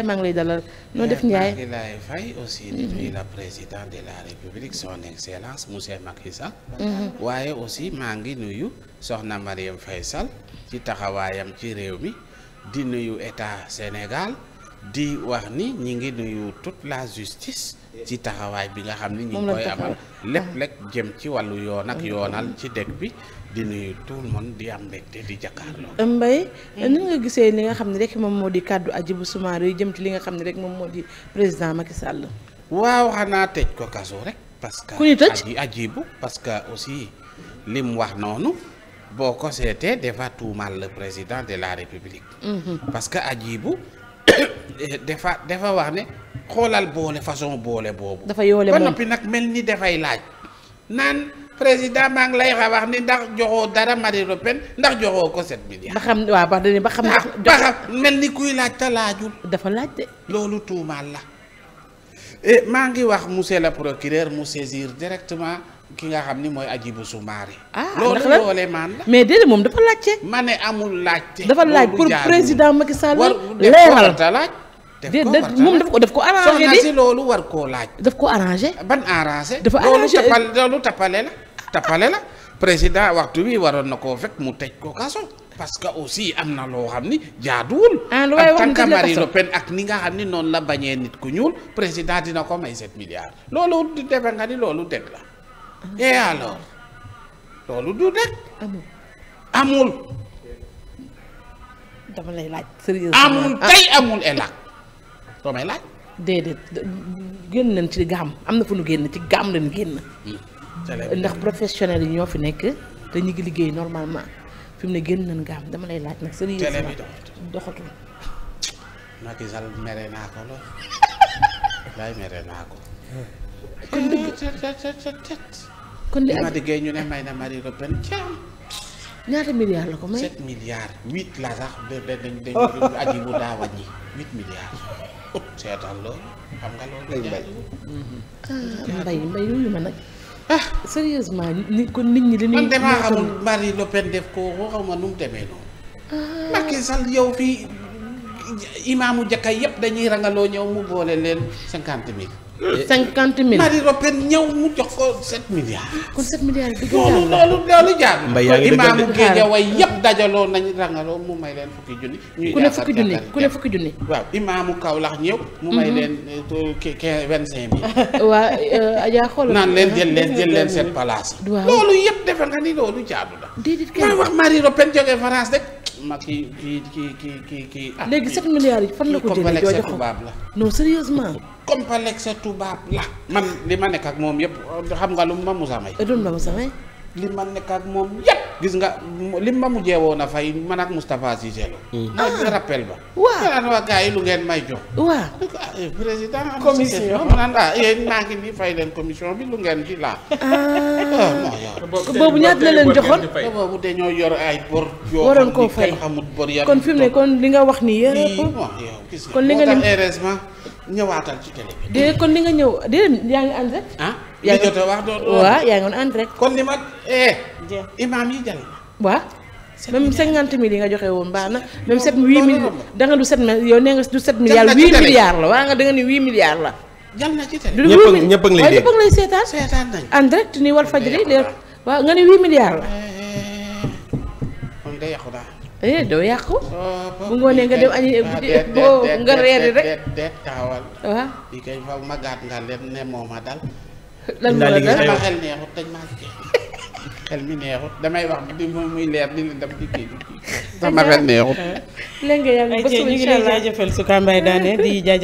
maa lay dalal noo def Ndiaye maa ngi lay fay aussi di nuyu la président de la république son excellence monsieur Macky Sall mhm. waaye aussi maa ngi nuyu soxna Mariam Faye sal ci taxawaayam ci réew mi di nuyu état Sénégal di wax ni ñi ngi nuyu toute la justice ci taxawaay bi nga xam ni ñi ngi koy amal lépp lekk jëm ci wàllu yoon ak mhm. yoonal ci dëkk bi di nuyu tout le monde di am mbégte di jàkkaarloo. Euh, Mbaye ni nga gisee li nga xam ne rek moom moo di kàddu Hadjibou Soumaré yu jëm ci li nga xam ne rek moom moo di président Macky Sall. waaw xanaa tëj ko kaso rek. parce que ku ñu tëj parce que aussi li mu wax noonu boo ko seetee dafa tuumaal le la république. Mhm. parce que Hadjibou dafa dafa wax ne xoolal boole façon boole boobu. dafa yoole ba noppi nag mel ni dafay laaj naan. président maa ngi lay wax ni ndax joxoo dara Marie Le Pen ndax joxoo ko sept milliards. ba xam waaw ba xam. ba xam mel ni kuy laaj te laajul. dafa laaj de. loolu tuumaal la et eh, maa ngi wax monsieur le procureur mu saisir directement ki nga xam ni mooy Hadjibou Soumaré. ah ndax la loolu maan la. mais déedéet moom dafa laajte. ma ne amul laajte. dafa laaj pour président Macky Sall. leeral laaj. def ko moom daf ko daf ko arrangé. soxna si loolu war koo laaj. daf ko arrangé. ban arrangé. dafa arrangé loolu tapal loolu tapale la. tappale la président waxtu wi waroon na koo fekk mu tej ko kaso parce que aussi am na loo xam ni jaaduwul en tant que ak ni nga xam ni noonu la bañee nit ku ñuul président dina ko may sept milliards loolu di defe nga ni loolu dëgg la et alors loolu du dëgg amul dama lay laaj sérieusement amul ah. tey amul elak doo may laaj déedéet génn nañ ci gàmm am na fu nu génn ci gàmm lañ génn hmm. ndax professionnels yi ñoo fi nekk te ñu ngi liggéey normalement fi mu ne génn nañ gaam dama lay laaj nag. sëriñ bi doxatul. Macky Sall mere naa ko la laay mere naa kon dëgg kon ñu ne may na Marie Le Pen caam. ñaata milliards la ko may. 7 milliards la sax dañ dañ dañ mbay mbay ah, mbay ma nag. ah sérieusement ni kon nit ñi. li ñuy man damaa xamul Marie Le Pen def ko xaw ma nu mu demee noonu. Ah. Macky Sall yow fii imaamu jàkka yépp dañuy rangaloo ñëw mu boole leen cinquante mille. cinquante mille Marie Ropen ñëw mu jox ko sept milliards. kon sept milliards bi loolu loolu loolu jaar mbay yaa ngi imaamu Géejawaay yëpp dajaloo nañ rangaloo mu may leen fukki junni. ñuy ku ne fukki junni ku ne fukki junni. waaw imaamu Kaolack ñëw. mu may mhm. leen eh, vingt cinq mille. waa eh, Adja xoolal naan leen jël leen jël leen seen place. loolu yëpp defe nga ni loolu jaadu la. déedéet kenn wax Marie Ropen jógee France rek. ma ki ki ki ki ki ah léegi sept milliards yi fan la ko jëlee jooju tubaab la non sérieusement complexe tubaab la man li ma nekk ak moom yëpp xam nga lu ma musa may. ma musa li ma nekk ak moom yëpp gis nga lim ma mujjee woon a fay man ak Moustapha Cissé Lo. Mm. Ah. mooy rappel ba. waaw daan waa gars yi lu ngeen may jox. waaw ah, eh, président. commission ma naan ah yéen maa ngi leen commission bi ah. boobu ñaata la leen joxoon boobu dañoo yor ay bor. waroon koo fay xamut bor yàlla kon fi mu ne kon li nga wax nii yëpp. kon li nga lim heureusement ñëwaatal kon li nga ñëw rek. yaa ngi wax doon waaw yaa ngi woon en direct kon li ma eh. imaam yi jàng. waaw. même cinquante yi nga joxe woon baax na même sept huit da nga du sept mille yow nee la waa nga da nga ni huit milliards la. jàll na ci télé ñëpp a ngi a la. moom day yàqu daal. eh doo yàqu. Oh, oh, bu ngoonee nga dem añi ah, boo nga reeri rek. déet ne moo lan moo la dama xel neexut dañ maa xel mi neexut damay wax di muy leer di leen dem di sama xel neexut. léegi yaa ngi su Kambay daane di jaajëfal.